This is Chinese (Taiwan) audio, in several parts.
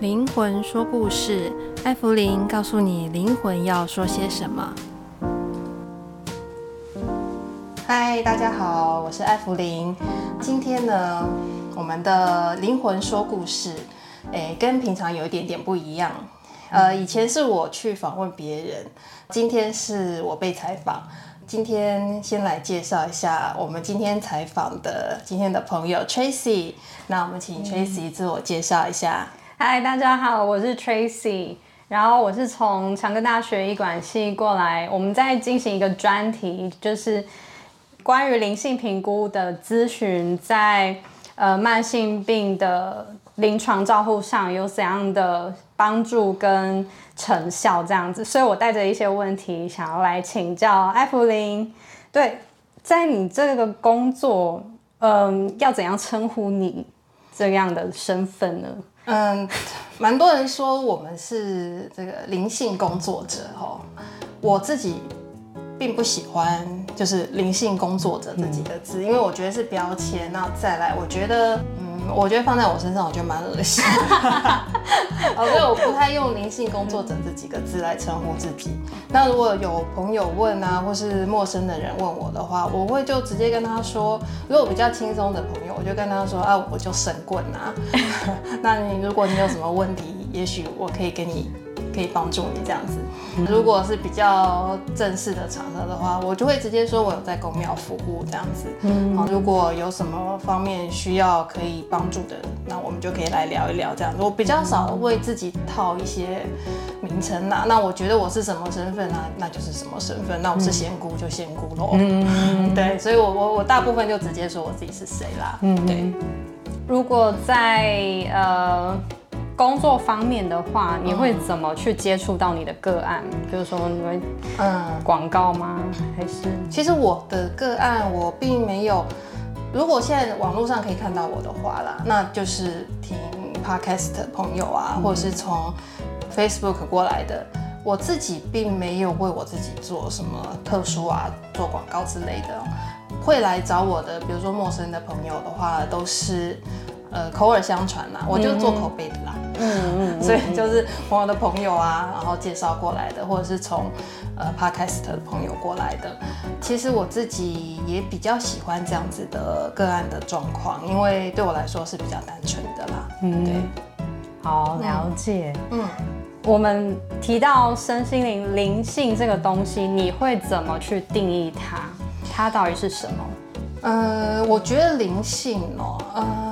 靈魂說故事，艾芙靈告訴你靈魂要說些什麼。嗨，大家好，我是艾芙靈。今天呢，我們的靈魂說故事，欸，跟平常有一點點不一樣。呃，以前是我去訪問別人，今天是我被採訪。今天先來介紹一下我們今天採訪的今天的朋友 Tracy。那我們請 Tracy 自我介紹一下。嗨，Hi, 大家好，我是 Tracy，然後我是從長庚大學醫管系過來，我們在進行一個專題，就是關於靈性評估的諮詢在，在呃慢性病的臨床照護上有怎樣的幫助跟成效這樣子，所以我帶着一些問題想要來請教艾芙靈。對，在你這個工作，嗯、呃，要怎樣稱呼你這樣的身份呢？嗯，蠻多人說我們是這個靈性工作者哦，我自己並不喜歡。就是靈性工作者這幾個字，嗯、因為我覺得是標籤。那再來，我覺得，嗯，我覺得放在我身上，我覺得蠻噁心。哦，所以我不太用靈性工作者這幾個字來稱呼自己。那如果有朋友問啊，或是陌生的人問我的話，我會就直接跟他說。如果比較輕鬆的朋友，我就跟他說啊，我就神棍啊。 那你如果你有什麼問題，也許我可以跟你。可以幫助你這樣子。如果是比較正式的場合的話，我就會直接說我有在宮廟服務這樣子。好、嗯嗯，如果有什麼方面需要可以幫助的人，那我們就可以來聊一聊這樣子。我比較少為自己套一些名稱啦。那我覺得我是什麼身份啊？那就是什麼身份。那我是仙姑就仙姑嘍。嗯，嗯，嗯，嗯。 對，所以我我我大部分就直接說我自己是誰啦。嗯，嗯，對。如果在呃。工作方面的話，你會怎麼去接觸到你的個案？嗯、比如說你會嗯廣告嗎？嗯、還是其實我的個案我並沒有。如果現在網絡上可以看到我的話啦，那就是聽 Podcast 的朋友啊，嗯、或者是從 Facebook 過來的。我自己並沒有為我自己做什麼特殊啊，做廣告之類的。會來找我的，比如說陌生的朋友的話，都是呃口耳相傳啦，我就做口碑的啦。嗯嗯，嗯，嗯，嗯，嗯，所以就是朋友的朋友啊，然後介紹過來的，或者是從呃 Podcast 的朋友過來的。其實我自己也比較喜歡這樣子的個案的狀況，因為對我來說是比較單純的啦。嗯，對，好了解。嗯，我們提到身心靈靈性這個東西，你會怎麼去定義它？它到底是什麼？呃，我覺得靈性哦、喔，呃。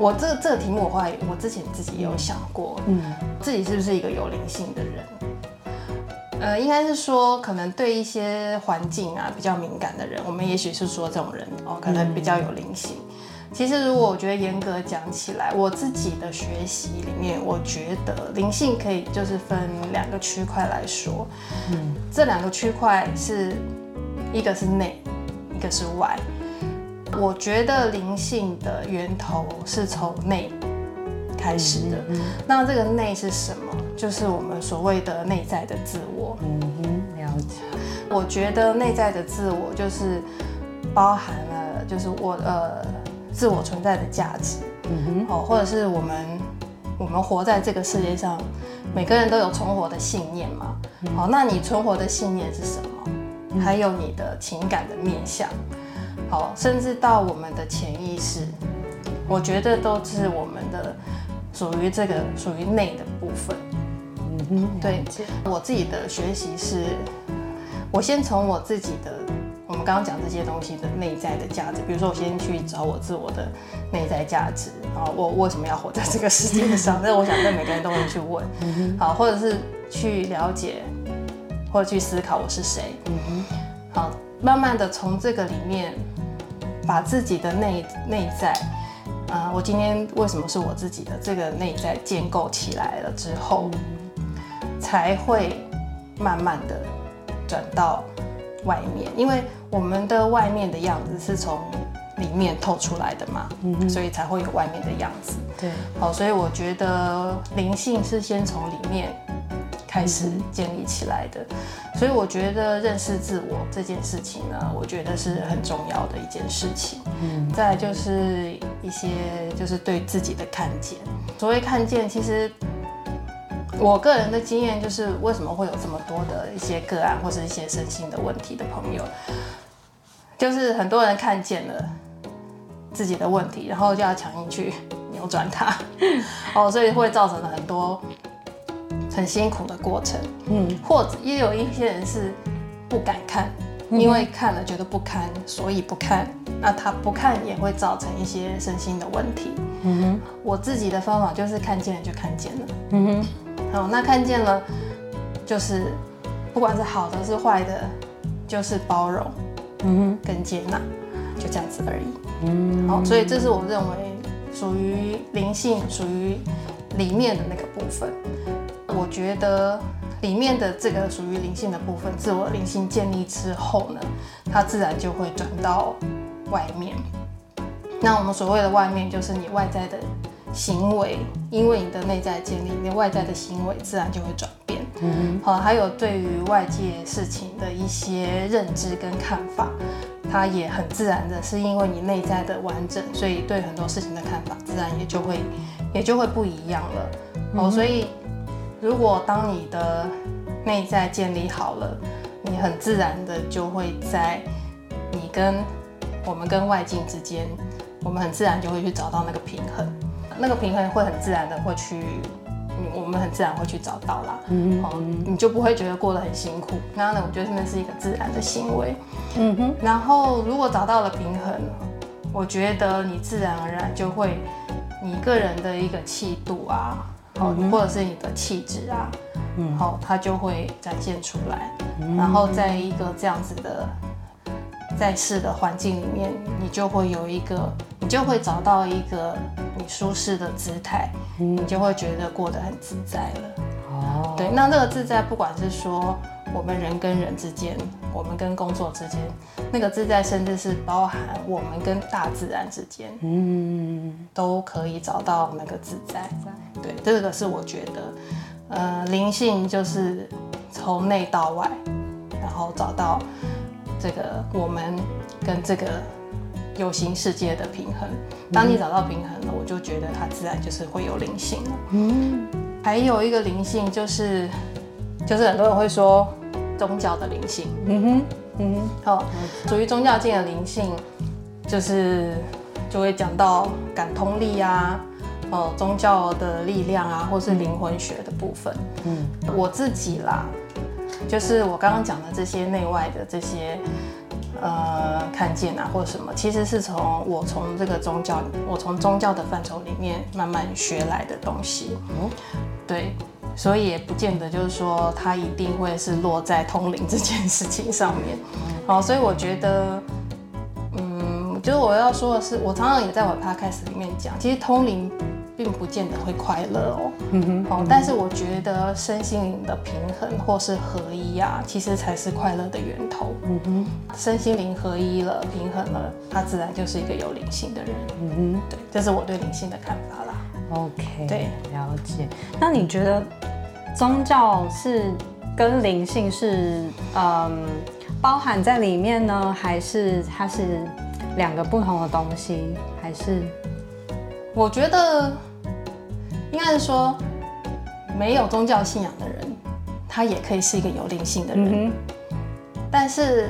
我這這個題目，我後來我之前自己也有想過，嗯，自己是不是一個有靈性的人？呃，應該是說，可能對一些環境啊比較敏感的人，我們也許是說這種人哦，可能比較有靈性。其實，如果我覺得嚴格講起來，我自己的學習裡面，我覺得靈性可以就是分兩個區塊來說，嗯，這兩個區塊是一個是內，一個是外。我覺得靈性的源頭是從內開始的，那這個內是什麼？就是我們所謂的內在的自我。嗯哼，了解。我覺得內在的自我就是包含了，就是我呃，自我存在的價值。嗯哼，哦，或者是我們我們活在這個世界上，每個人都有存活的信念嘛。好，那你存活的信念是什麼？還有你的情感的面向。好，甚至到我們的潛意識，我覺得都是我們的屬於這個屬於內的部分。嗯哼，對我自己的學習是，我先從我自己的，我們剛剛講這些東西的內在的價值，比如說我先去找我自我的內在價值，然後我為什麼要活在這個世界上？那 我想對每個人都會去問，好，或者是去了解，或者去思考我是誰。嗯哼，好，慢慢的從這個裡面。把自己的內內在，啊、呃，我今天為什麼是我自己的這個內在建構起來了之後，mm hmm. 才會慢慢的轉到外面，因為我們的外面的樣子是從裡面透出來的嘛，mm hmm. 所以才會有外面的樣子。對，好，所以我覺得靈性是先從裡面，開始建立起來的，嗯、哼所以我覺得認識自我這件事情呢，我覺得是很重要的一件事情。嗯，再來就是一些就是對自己的看見，所謂看見，其實我個人的經驗就是，為什麼會有這麼多的一些個案或是一些身心的問題的朋友，就是很多人看見了自己的問題，然後就要強硬去扭轉它， 哦，所以會造成很多。很辛苦的過程，嗯，或者也有一些人是不敢看，嗯、因為看了覺得不堪，所以不看。那他不看也會造成一些身心的問題。嗯哼，我自己的方法就是看見了就看見了。嗯哼，好，那看見了就是不管是好的是壞的，就是包容，嗯哼，跟接納，就這樣子而已。嗯，好，所以這是我認為屬於靈性，屬於裡面的那個部分。覺得裡面的這個屬於靈性的部分，自我靈性建立之後呢，它自然就會轉到外面。那我們所謂的外面，就是你外在的行為，因為你的內在建立，你外在的行為自然就會轉變。嗯好。還有對於外界事情的一些認知跟看法，它也很自然的是因為你內在的完整，所以對很多事情的看法自然也就會也就會不一樣了。哦、嗯，所以。如果當你的內在建立好了，你很自然的就會在你跟我們跟外境之間，我們很自然就會去找到那個平衡，那個平衡會很自然的會去，我們很自然會去找到啦。嗯、mm hmm. 你就不會覺得過得很辛苦。那呢，我覺得那是一個自然的行為。嗯、mm hmm. 然後如果找到了平衡，我覺得你自然而然就會你個人的一個氣度啊，或者是你的氣質啊，好、嗯，它就會展現出來。嗯、然後在一個這樣子的在世的環境裡面，你就會有一個，你就會找到一個你舒適的姿態，嗯、你就會覺得過得很自在了。哦，對，那那個自在，不管是說。我們人跟人之間，我們跟工作之間，那個自在，甚至是包含我們跟大自然之間，嗯，都可以找到那個自在。對，這個是我覺得，呃，靈性就是從內到外，然後找到這個我們跟這個有形世界的平衡。當你找到平衡了，我就覺得它自然就是會有靈性了。還有一個靈性就是，就是很多人會說。宗教的靈性，嗯哼，嗯哼，好，哦，屬於宗教界的靈性，就是就會講到感通力啊，呃，宗教的力量啊，或是靈魂學的部分。嗯，我自己啦，就是我剛剛講的這些內外的這些，呃，看見啊，或者什麼，其實是從我從這個宗教，我從宗教的範疇裡面慢慢學來的東西。嗯，對。所以也不見得就是說，他一定會是落在通靈這件事情上面。好，所以我覺得，嗯，就是我要說的是，我常常也在我 podcast 裡面講，其實通靈並不見得會快樂哦。嗯哼。但是我覺得身心靈的平衡或是合一啊，其實才是快樂的源頭。嗯哼。身心靈合一了，平衡了，他自然就是一個有靈性的人。嗯，對，這是我對靈性的看法啦。OK。對，了解。那你覺得？宗教是跟靈性是，嗯、呃，包含在裡面呢，還是它是兩個不同的東西？還是我覺得應該是說，沒有宗教信仰的人，他也可以是一個有靈性的人。嗯哼。但是，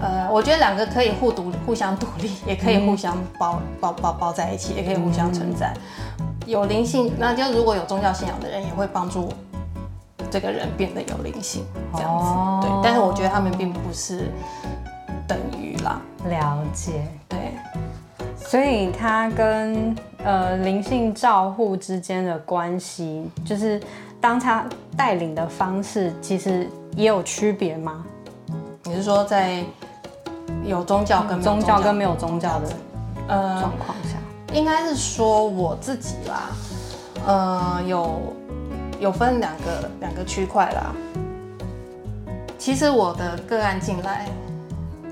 呃，我覺得兩個可以互獨、互相獨立，也可以互相包、嗯哼。包、包、包在一起，也可以互相存在。嗯有靈性，那就如果有宗教信仰的人，也會幫助這個人變得有靈性，這樣子。哦、對，但是我覺得他們並不是等於啦。了解，對。所以他跟呃靈性照護之間的關係，就是當他帶領的方式，其實也有區別嗎？你是說在有宗教跟宗教跟沒有宗教的呃、嗯、狀況下？呃應該是說我自己啦，呃，有有分兩個兩個區塊啦。其實我的個案進來，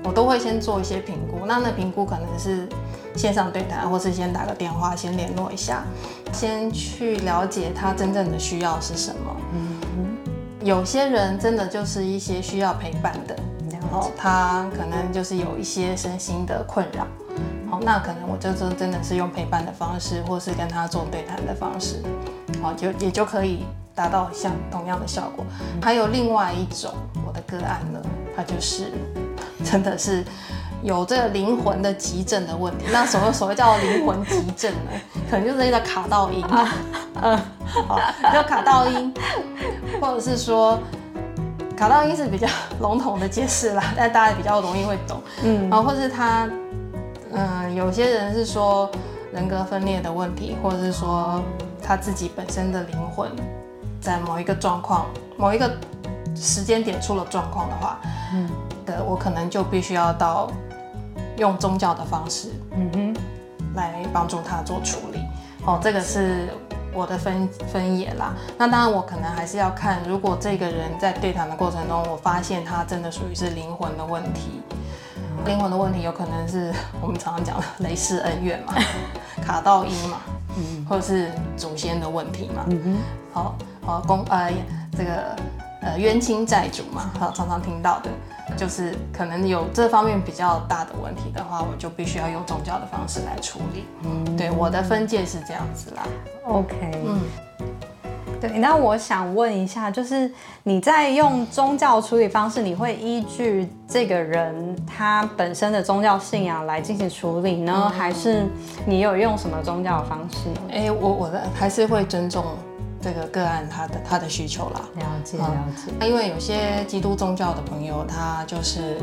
我都會先做一些評估，那那評估可能是線上對談，或是先打個電話，先聯絡一下，先去了解他真正的需要是什麼。嗯哼。有些人真的就是一些需要陪伴的，然後他可能就是有一些身心的困擾。好、哦，那可能我就是真的是用陪伴的方式，或是跟他做對談的方式，好、哦，就也就可以達到像同樣的效果。嗯、還有另外一種我的個案呢，他就是真的是有這個靈魂的急症的問題。那所謂所謂叫靈魂急症呢， 可能就是那個卡到音，嗯、啊，好、啊，叫、哦、卡到音，或者是說卡到音是比較籠統的解釋啦，但大家比較容易會懂，嗯，然後、哦、或者是他。嗯，有些人是說人格分裂的問題，或者是說他自己本身的靈魂在某一個狀況、某一個時間點出了狀況的話，嗯，的我可能就必須要到用宗教的方式，嗯哼，來幫助他做處理。嗯、哼哦，這個是我的分分野啦。那當然，我可能還是要看，如果這個人在對談的過程中，我發現他真的屬於是靈魂的問題。靈魂的問題有可能是我們常常講的累世恩怨嘛，卡到陰嘛，或者是祖先的問題嘛。嗯、哼好，好公呃這個呃冤親債主嘛，好常常聽到的，就是可能有這方面比較大的問題的話，我就必須要用宗教的方式來處理。嗯、對，我的分界是這樣子啦。OK、嗯。那我想問一下，就是你在用宗教處理方式，你會依據這個人他本身的宗教信仰來進行處理呢，嗯、還是你有用什麼宗教的方式？哎、欸，我我的還是會尊重這個個案他的他的需求啦。了解了解、嗯。因為有些基督宗教的朋友，他就是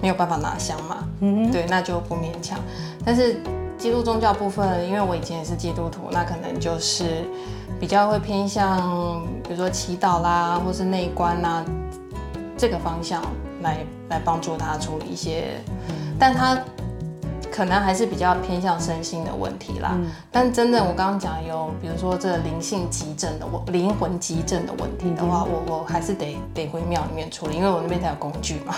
沒有辦法拿香嘛，嗯、哼，對，那就不勉強。但是。基督宗教部分，因為我以前也是基督徒，那可能就是比較會偏向，比如說祈禱啦，或是內觀啦，這個方向來來幫助他處理一些，嗯、但他。可能還是比較偏向身心的問題啦，嗯、但真的我剛剛講有，比如說這靈性急症的靈魂急症的問題的話，我我還是得得回廟裡面處理，因為我那邊才有工具嘛，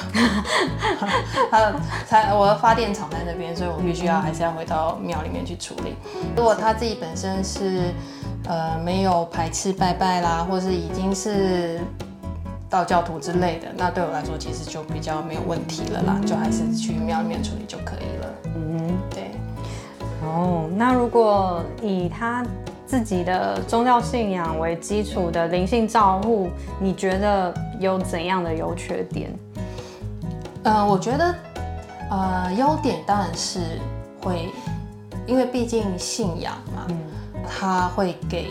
他才 我的發電廠在那邊，所以我必須要、嗯、還是要回到廟裡面去處理。如果他自己本身是呃沒有排斥拜拜啦，或是已經是。道教徒之類的，那對我來說其實就比較沒有問題了啦，就還是去廟裡面處理就可以了。嗯，對。哦，oh, 那如果以他自己的宗教信仰為基礎的靈性照護，對你覺得有怎樣的優缺點？嗯、呃，我覺得，呃，優點當然是會，因為畢竟信仰嘛，他、嗯、會給。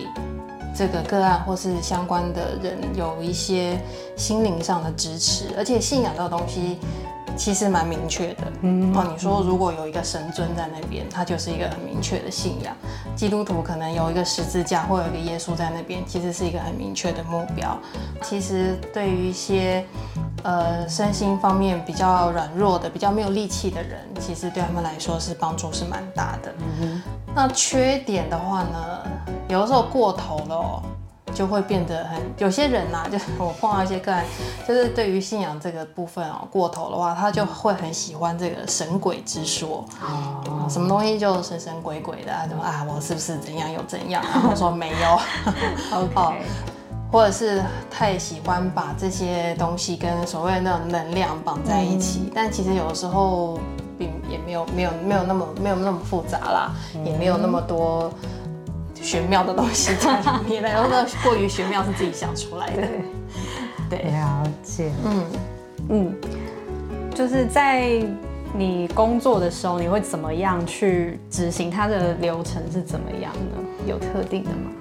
這個個案或是相關的人有一些心靈上的支持，而且信仰這個東西。其實蠻明確的，哦，你說如果有一個神尊在那邊，他就是一個很明確的信仰。基督徒可能有一個十字架或有一個耶穌在那邊，其實是一個很明確的目標。其實對於一些，呃，身心方面比較軟弱的、比較沒有力氣的人，其實對他們來說是幫助是蠻大的。嗯哼。那缺點的話呢，有的時候過頭了。就會變得很有些人吶、啊，就是我碰到一些個案，就是對於信仰這個部分哦，過頭的話，他就會很喜歡這個神鬼之說，嗯、什麼東西就神神鬼鬼的，就啊，我是不是怎樣又怎樣？ 然後說沒有，哦，或者是太喜歡把這些東西跟所謂的那種能量綁在一起，嗯、但其實有的時候並也沒有沒有沒有那麼沒有那麼複雜啦，也沒有那麼多。玄妙的東西在裡面，然後 過於玄妙是自己想出來的。 對，對。了解。嗯嗯，就是在你工作的時候，你會怎麼樣去執行它的流程是怎麼樣呢？有特定的嗎？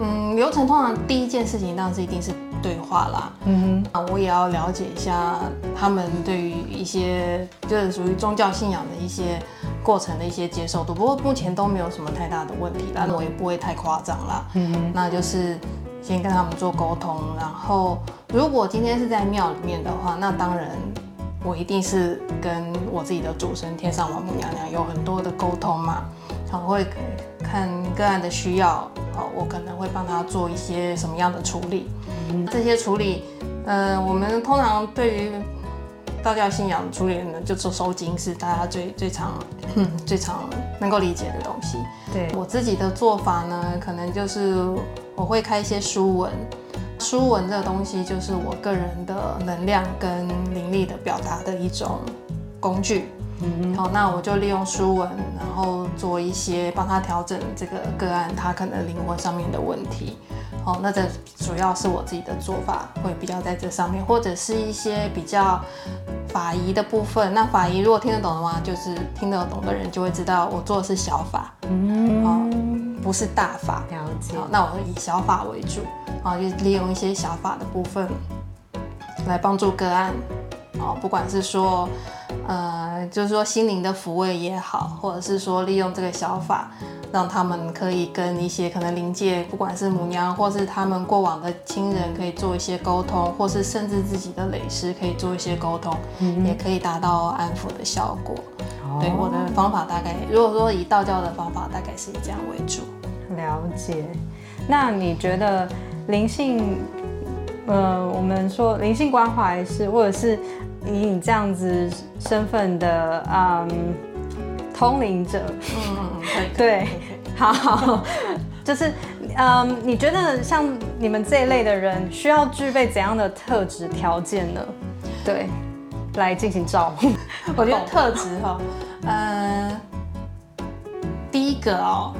嗯，流程通常第一件事情，當然是一定是對話啦。嗯哼，啊，我也要了解一下他們對於一些就是屬於宗教信仰的一些。過程的一些接受度，不過目前都沒有什麼太大的問題啦，但我也不會太誇張啦。嗯哼，那就是先跟他們做溝通，然後如果今天是在廟裡面的話，那當然我一定是跟我自己的主神天上王母娘娘有很多的溝通嘛，常會看個案的需要，我可能會幫他做一些什麼樣的處理。嗯哼，這些處理，嗯、呃，我們通常對於。道教信仰，修煉呢，就收金，是大家最最常，嗯、最常能夠理解的東西。對我自己的做法呢，可能就是我會開一些書文，書文這個東西就是我個人的能量跟靈力的表達的一種工具。嗯哼，好，那我就利用書文，然後做一些幫他調整這個個案，他可能靈魂上面的問題。哦，那這主要是我自己的做法，會比較在這上面，或者是一些比較法儀的部分。那法儀如果聽得懂的話，就是聽得懂的人就會知道我做的是小法，哦，不是大法這樣子。嗯。哦，那我會以小法為主，哦，就利用一些小法的部分來幫助個案，哦，不管是說。呃，就是說心靈的撫慰也好，或者是說利用這個小法，讓他們可以跟一些可能靈界，不管是母娘或是他們過往的親人，可以做一些溝通，或是甚至自己的累世可以做一些溝通，嗯嗯，也可以達到安撫的效果。哦、對，我的方法大概，如果說以道教的方法，大概是以這樣為主。了解。那你覺得靈性，呃，我們說靈性關懷是，或者是？以你這樣子身份的，嗯，通靈者，嗯，嗯， 對，好，好， 就是，嗯，你覺得像你們這一類的人需要具備怎樣的特質條件呢？對，來進行照顧。我覺得特質哈，嗯、 呃，第一個哦、喔，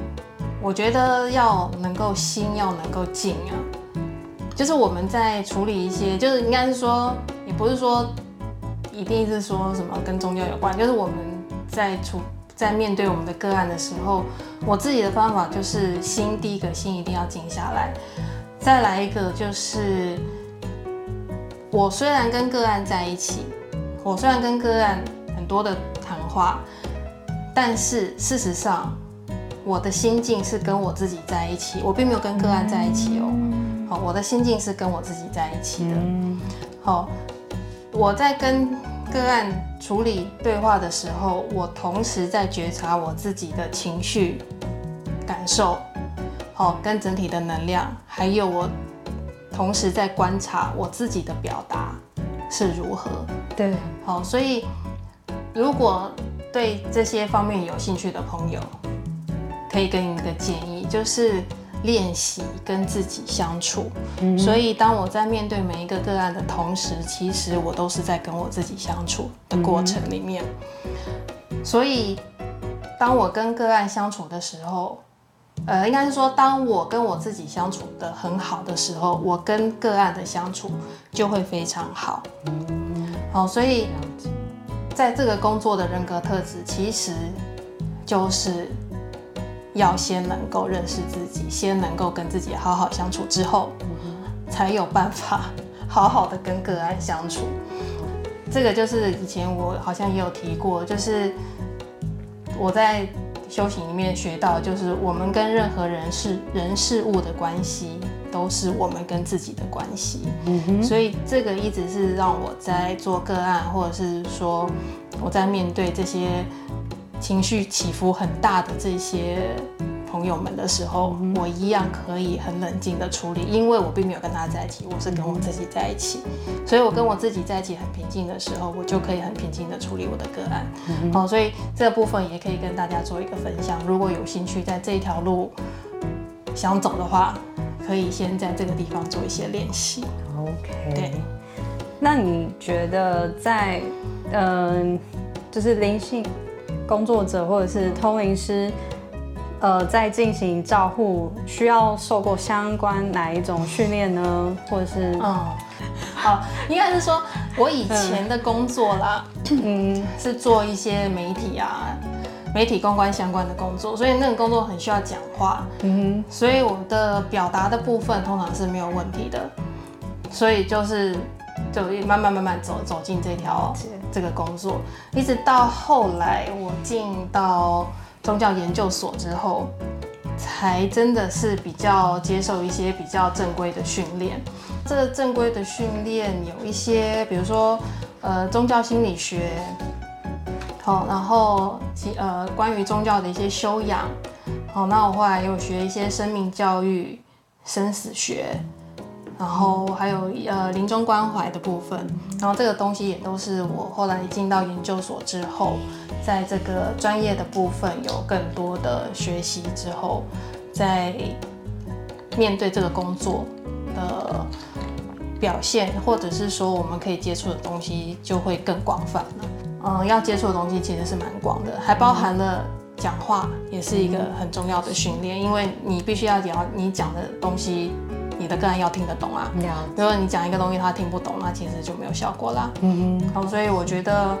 我覺得要能夠心要能夠靜啊，就是我們在處理一些，就是應該是說，也不是說。一定是說什麼跟宗教有關，就是我們在處在面對我們的個案的時候，我自己的方法就是心，第一個心一定要靜下來，再來一個就是我雖然跟個案在一起，我雖然跟個案很多的談話，但是事實上我的心境是跟我自己在一起，我並沒有跟個案在一起哦，好，我的心境是跟我自己在一起的，好。我在跟個案處理對話的時候，我同時在覺察我自己的情緒感受，好、喔，跟整體的能量，還有我同時在觀察我自己的表達是如何。對，好，所以如果對這些方面有興趣的朋友，可以給你一個建議，就是。練習跟自己相處，嗯、所以當我在面對每一個個案的同時，其實我都是在跟我自己相處的過程裡面。嗯、所以，當我跟個案相處的時候，呃，應該是說，當我跟我自己相處得很好的時候，我跟個案的相處就會非常好。嗯、好，所以在這個工作的人格特質，其實就是。要先能夠認識自己，先能夠跟自己好好相處，之後、嗯、哼才有辦法好好的跟個案相處。這個就是以前我好像也有提過，就是我在修行裡面學到，就是我們跟任何人事人事物的關係，都是我們跟自己的關係。嗯、哼所以這個一直是讓我在做個案，或者是說我在面對這些。情緒起伏很大的這些朋友們的時候，我一樣可以很冷靜的處理，因為我並沒有跟他在一起，我是跟我自己在一起，所以我跟我自己在一起很平靜的時候，我就可以很平靜的處理我的個案。嗯、哼好，所以這個部分也可以跟大家做一個分享。如果有興趣在這條路想走的話，可以先在這個地方做一些練習。OK。對。那你覺得在嗯、呃，就是靈性？工作者或者是通靈師，嗯、呃，在進行照護，需要受過相關哪一種訓練呢？或者是，嗯、哦，哦，應該是說我以前的工作啦，嗯，是做一些媒體啊、媒體公關相關的工作，所以那個工作很需要講話，嗯，所以我的表達的部分通常是沒有問題的，嗯、所以就是。就慢慢慢慢走走進這條這個工作，是一直到後來我進到宗教研究所之後，才真的是比較接受一些比較正規的訓練。這個正規的訓練有一些，比如說呃宗教心理學，好，然後其呃關於宗教的一些修養，好，那我後來又學一些生命教育、生死學。然後還有呃臨終關懷的部分，然後這個東西也都是我後來進到研究所之後，在這個專業的部分有更多的學習之後，在面對這個工作的表現，或者是說我們可以接觸的東西就會更廣泛了。嗯，要接觸的東西其實是蠻廣的，還包含了講話也是一個很重要的訓練，因為你必須要聊你講的東西。你的個案要聽得懂啊，比、嗯、如果你講一個東西他聽不懂，那其實就沒有效果啦。嗯，好，所以我覺得，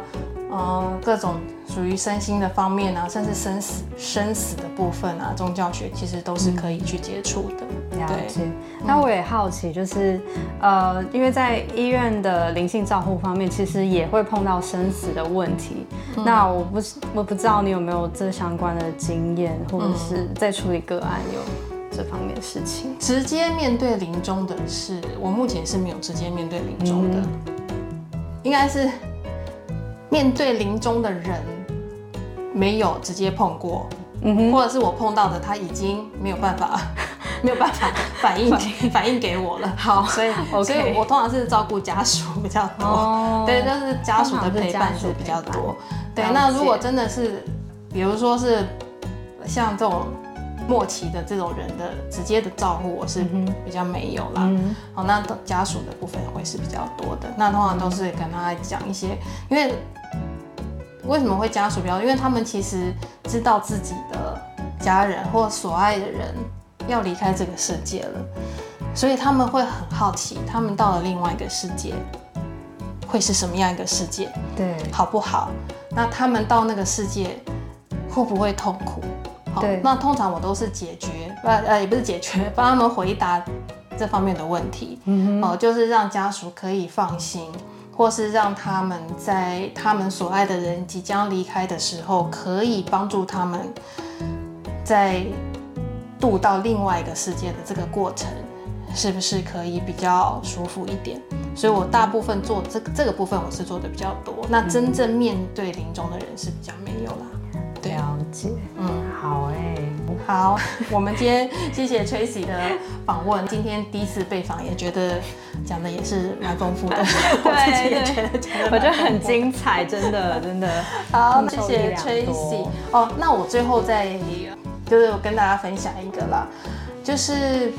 呃，各種屬於身心的方面啊，甚至生死、生死的部分啊，宗教學其實都是可以去接觸的。嗯、對了解。那我也好奇，就是呃，因為在醫院的靈性照護方面，其實也會碰到生死的問題。嗯、那我不我不知道你有沒有這相關的經驗，或者是在處理個案有？嗯這方面的事情，直接面對臨終的是我目前是沒有直接面對臨終的，嗯、應該是面對臨終的人沒有直接碰過，嗯、哼或者是我碰到的他已經沒有辦法、嗯、沒有辦法反應給 反應給我了。好，所以、okay、所以我通常是照顧家屬比較多，哦、對，就是家屬的陪伴是陪伴比較多。解對，那如果真的是，比如說是像這種。末期的這種人的直接的照顧，我是比較沒有啦。好、嗯哼哦，那家屬的部分會是比較多的。那通常都是跟他講一些，因為為什麼會家屬比較多？因為他們其實知道自己的家人或所愛的人要離開這個世界了，所以他們會很好奇，他們到了另外一個世界會是什麼樣一個世界，對，好不好？那他們到那個世界會不會痛苦？對，那通常我都是解決，呃呃，也不是解決，幫他們回答這方面的問題，嗯、哼哦，就是讓家屬可以放心，或是讓他們在他們所愛的人即將離開的時候，可以幫助他們在渡到另外一個世界的這個過程，是不是可以比較舒服一點？所以我大部分做這個這個部分，我是做的比較多，那真正面對臨終的人是比較沒有啦。嗯了解、啊，嗯，好哎、欸，好，我們今天謝謝 Tracy 的訪問。 今天第一次被訪，也覺得講的也是蠻豐富的， 對對，我覺得很精彩，真的真的。好，謝謝 Tracy。哦、oh，那我最後再就是跟大家分享一個啦，就是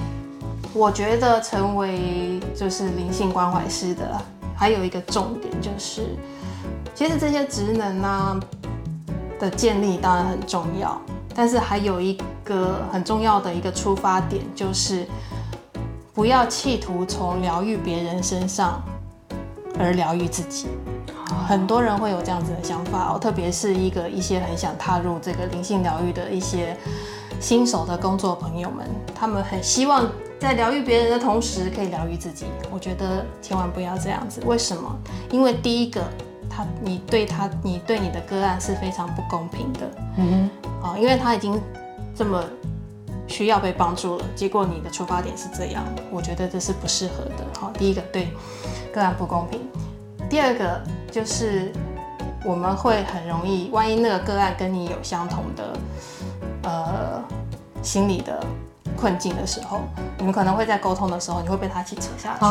我覺得成為就是靈性關懷師的，還有一個重點就是，其實這些職能呢、啊。的建立當然很重要，但是還有一個很重要的一個出發點就是，不要企圖從療癒別人身上而療癒自己。很多人會有這樣子的想法哦，我特別是一個一些很想踏入這個靈性療癒的一些新手的工作朋友們，他們很希望在療癒別人的同時可以療癒自己。我覺得千萬不要這樣子，為什麼？因為第一個。他，你對他，你對你的個案是非常不公平的，嗯哼，哦，因為他已經這麼需要被幫助了，結果你的出發點是這樣，我覺得這是不適合的。好，哦，第一個對個案不公平，第二個就是我們會很容易，萬一那個個案跟你有相同的呃心理的，困境的時候，你們可能會在溝通的時候，你會被他一起扯下去，oh,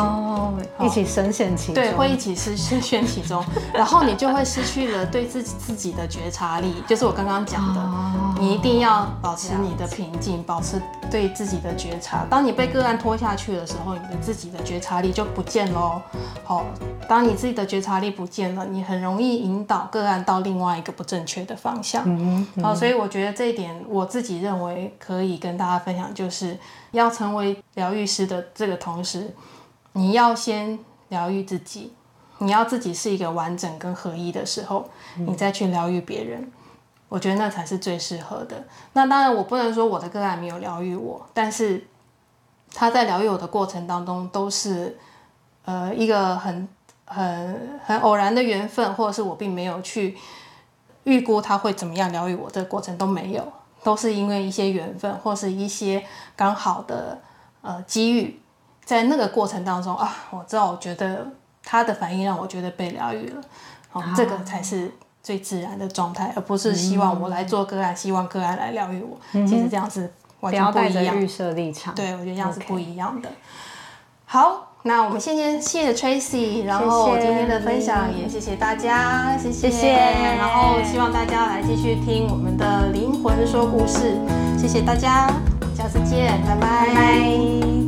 好一起深陷其中，對，會一起失失陷其中， 然後你就會失去了對自己自己的覺察力，就是我剛剛講的，oh, 你一定要保持你的平靜，保持對自己的覺察。當你被個案拖下去的時候，你的自己的覺察力就不見咯。好，當你自己的覺察力不見了，你很容易引導個案到另外一個不正確的方向。Mm hmm. 好，所以我覺得這一點，我自己認為可以跟大家分享就是。是要成為療癒師的這個同時，你要先療癒自己，你要自己是一個完整跟合一的時候，你再去療癒別人，嗯。我覺得那才是最適合的。那當然，我不能說我的個案沒有療癒我，但是他在療癒我的過程當中，都是呃一個很很很偶然的緣分，或者是我並沒有去預估他會怎麼樣療癒我，這個過程都沒有。都是因為一些緣分，或是一些剛好的呃機遇，在那個過程當中啊，我知道，我覺得他的反應讓我覺得被療癒了，哦，好這個才是最自然的狀態，而不是希望我來做個案，嗯、哼希望個案來療癒我。嗯、哼其實這樣是完全不一樣的。不要帶著預設立場，對，我覺得這樣是不一樣的。Okay 好。那我們先先謝謝 Tracy，然後今天的分享也謝謝大家，謝謝，然後希望大家來繼續聽我們的靈魂說故事，謝謝大家，我們下次見，拜拜。